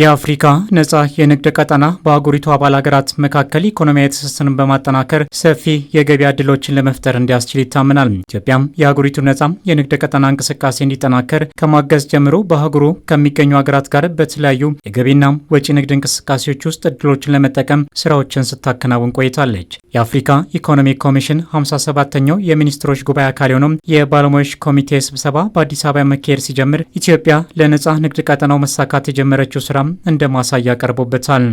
የአፍሪካ ነጻ የንግድ ቀጠና በአህጉሪቱ አባል ሀገራት መካከል ኢኮኖሚያዊ ትስስርን በማጠናከር ሰፊ የገበያ እድሎችን ለመፍጠር እንዲያስችል ይታመናል። ኢትዮጵያም የአህጉሪቱ ነጻ የንግድ ቀጠና እንቅስቃሴ እንዲጠናከር ከማገዝ ጀምሮ በአህጉሩ ከሚገኙ ሀገራት ጋር በተለያዩ የገቢና ወጪ ንግድ እንቅስቃሴዎች ውስጥ እድሎችን ለመጠቀም ስራዎችን ስታከናውን ቆይታለች። የአፍሪካ ኢኮኖሚ ኮሚሽን 57 ተኛው የሚኒስትሮች ጉባኤ አካል የሆነው የባለሙያዎች ኮሚቴ ስብሰባ በአዲስ አበባ መካሄድ ሲጀምር ኢትዮጵያ ለነጻ ንግድ ቀጠናው መሳካት የጀመረችው ስራ እንደሚሰራም እንደ ማሳያ ቀርቦበታል።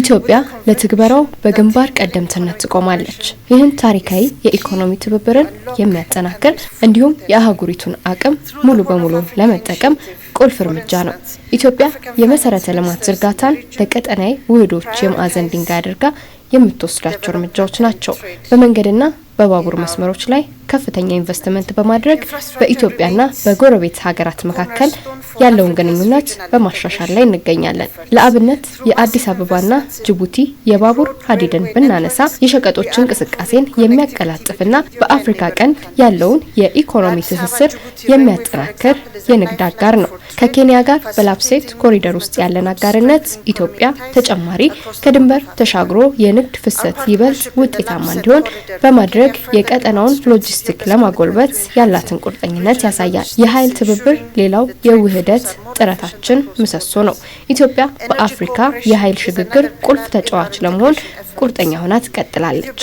ኢትዮጵያ ለትግበራው በግንባር ቀደምትነት ትቆማለች። ይህን ታሪካዊ የኢኮኖሚ ትብብርን የሚያጠናክር እንዲሁም የአህጉሪቱን አቅም ሙሉ በሙሉ ለመጠቀም ቁልፍ እርምጃ ነው። ኢትዮጵያ የመሰረተ ልማት ዝርጋታን ለቀጠናዊ ውህዶች የማዕዘን ድንጋይ አድርጋ የምትወስዳቸው እርምጃዎች ናቸው። በመንገድና በባቡር መስመሮች ላይ ከፍተኛ ኢንቨስትመንት በማድረግ በኢትዮጵያና በጎረቤት ሀገራት መካከል ያለውን ግንኙነት በማሻሻል ላይ እንገኛለን። ለአብነት የአዲስ አበባና ጅቡቲ የባቡር ሀዲድን ብናነሳ የሸቀጦች እንቅስቃሴን የሚያቀላጥፍና በአፍሪካ ቀንድ ያለውን የኢኮኖሚ ትስስር የሚያጠናክር የንግድ አጋር ነው። ከኬንያ ጋር በላፕሴት ኮሪደር ውስጥ ያለን አጋርነት ኢትዮጵያ ተጨማሪ ከድንበር ተሻግሮ የንግድ ፍሰት ይበልጥ ውጤታማ እንዲሆን በማድረግ የቀጠናውን ሎጂስቲክ ለማጎልበት ያላትን ቁርጠኝነት ያሳያል። የኃይል ትብብር ሌላው የውህ የውህደት ጥረታችን ምሰሶ ነው። ኢትዮጵያ በአፍሪካ የኃይል ሽግግር ቁልፍ ተጫዋች ለመሆን ቁርጠኛ ሆና ትቀጥላለች።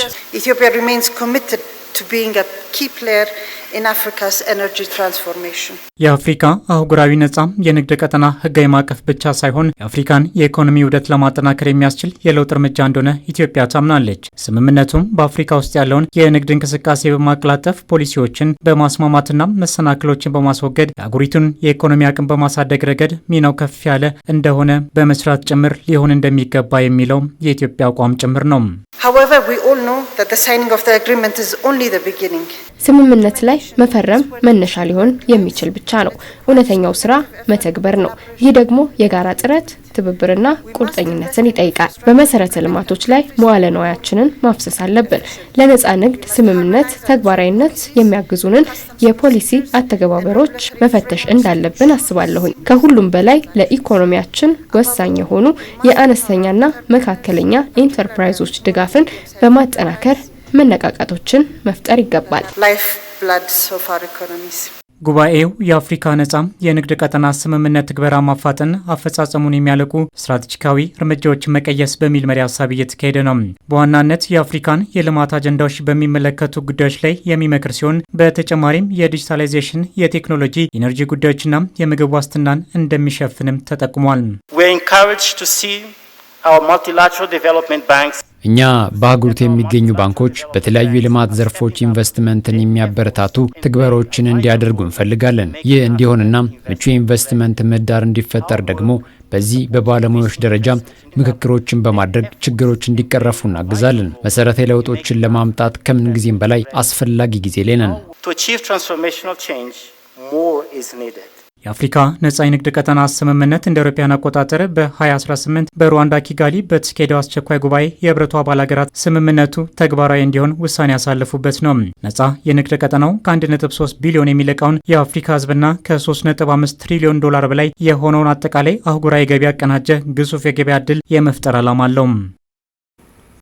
የአፍሪካ አህጉራዊ ነጻ የንግድ ቀጠና ህጋዊ ማዕቀፍ ብቻ ሳይሆን የአፍሪካን የኢኮኖሚ ውህደት ለማጠናከር የሚያስችል የለውጥ እርምጃ እንደሆነ ኢትዮጵያ ታምናለች። ስምምነቱም በአፍሪካ ውስጥ ያለውን የንግድ እንቅስቃሴ በማቀላጠፍ ፖሊሲዎችን በማስማማትና መሰናክሎችን በማስወገድ የአህጉሪቱን የኢኮኖሚ አቅም በማሳደግ ረገድ ሚናው ከፍ ያለ እንደሆነ በመስራት ጭምር ሊሆን እንደሚገባ የሚለው የኢትዮጵያ አቋም ጭምር ነው። ስምምነት ላይ መፈረም መነሻ ሊሆን የሚችል ብቻ ነው። እውነተኛው ስራ መተግበር ነው። ይህ ደግሞ የጋራ ጥረት፣ ትብብርና ቁርጠኝነትን ይጠይቃል። በመሰረተ ልማቶች ላይ መዋለ ንዋያችንን ማፍሰስ አለብን። ለነጻ ንግድ ስምምነት ተግባራዊነት የሚያግዙንን የፖሊሲ አተገባበሮች መፈተሽ እንዳለብን አስባለሁኝ። ከሁሉም በላይ ለኢኮኖሚያችን ወሳኝ የሆኑ የአነስተኛና መካከለኛ ኢንተርፕራይዞች ድጋፍን በማጠናከር መነቃቃቶችን መፍጠር ይገባል። ጉባኤው የአፍሪካ ነጻ የንግድ ቀጠና ስምምነት ትግበራ ማፋጠን፣ አፈጻጸሙን የሚያለቁ ስትራቴጂካዊ እርምጃዎችን መቀየስ በሚል መሪ ሀሳብ እየተካሄደ ነው። በዋናነት የአፍሪካን የልማት አጀንዳዎች በሚመለከቱ ጉዳዮች ላይ የሚመክር ሲሆን በተጨማሪም የዲጂታላይዜሽን፣ የቴክኖሎጂ፣ ኢነርጂ ጉዳዮችና የምግብ ዋስትናን እንደሚሸፍንም ተጠቁሟል። እኛ በአህጉሪቱ የሚገኙ ባንኮች በተለያዩ የልማት ዘርፎች ኢንቨስትመንትን የሚያበረታቱ ትግበሮችን እንዲያደርጉ እንፈልጋለን። ይህ እንዲሆንና ምቹ የኢንቨስትመንት ምህዳር እንዲፈጠር ደግሞ በዚህ በባለሙያዎች ደረጃ ምክክሮችን በማድረግ ችግሮች እንዲቀረፉ እናግዛለን። መሰረታዊ ለውጦችን ለማምጣት ከምን ጊዜም በላይ አስፈላጊ ጊዜ ላይ ነን። የአፍሪካ ነጻ የንግድ ቀጠና ስምምነት እንደ አውሮፓውያን አቆጣጠር በ2018 በሩዋንዳ ኪጋሊ በተካሄደው አስቸኳይ ጉባኤ የህብረቱ አባል ሀገራት ስምምነቱ ተግባራዊ እንዲሆን ውሳኔ ያሳለፉበት ነው። ነጻ የንግድ ቀጠናው ከ1.3 ቢሊዮን የሚለቀውን የአፍሪካ ህዝብና ከ3.5 ትሪሊዮን ዶላር በላይ የሆነውን አጠቃላይ አህጉራዊ ገቢ ያቀናጀ ግዙፍ የገበያ እድል የመፍጠር ዓላማ አለው።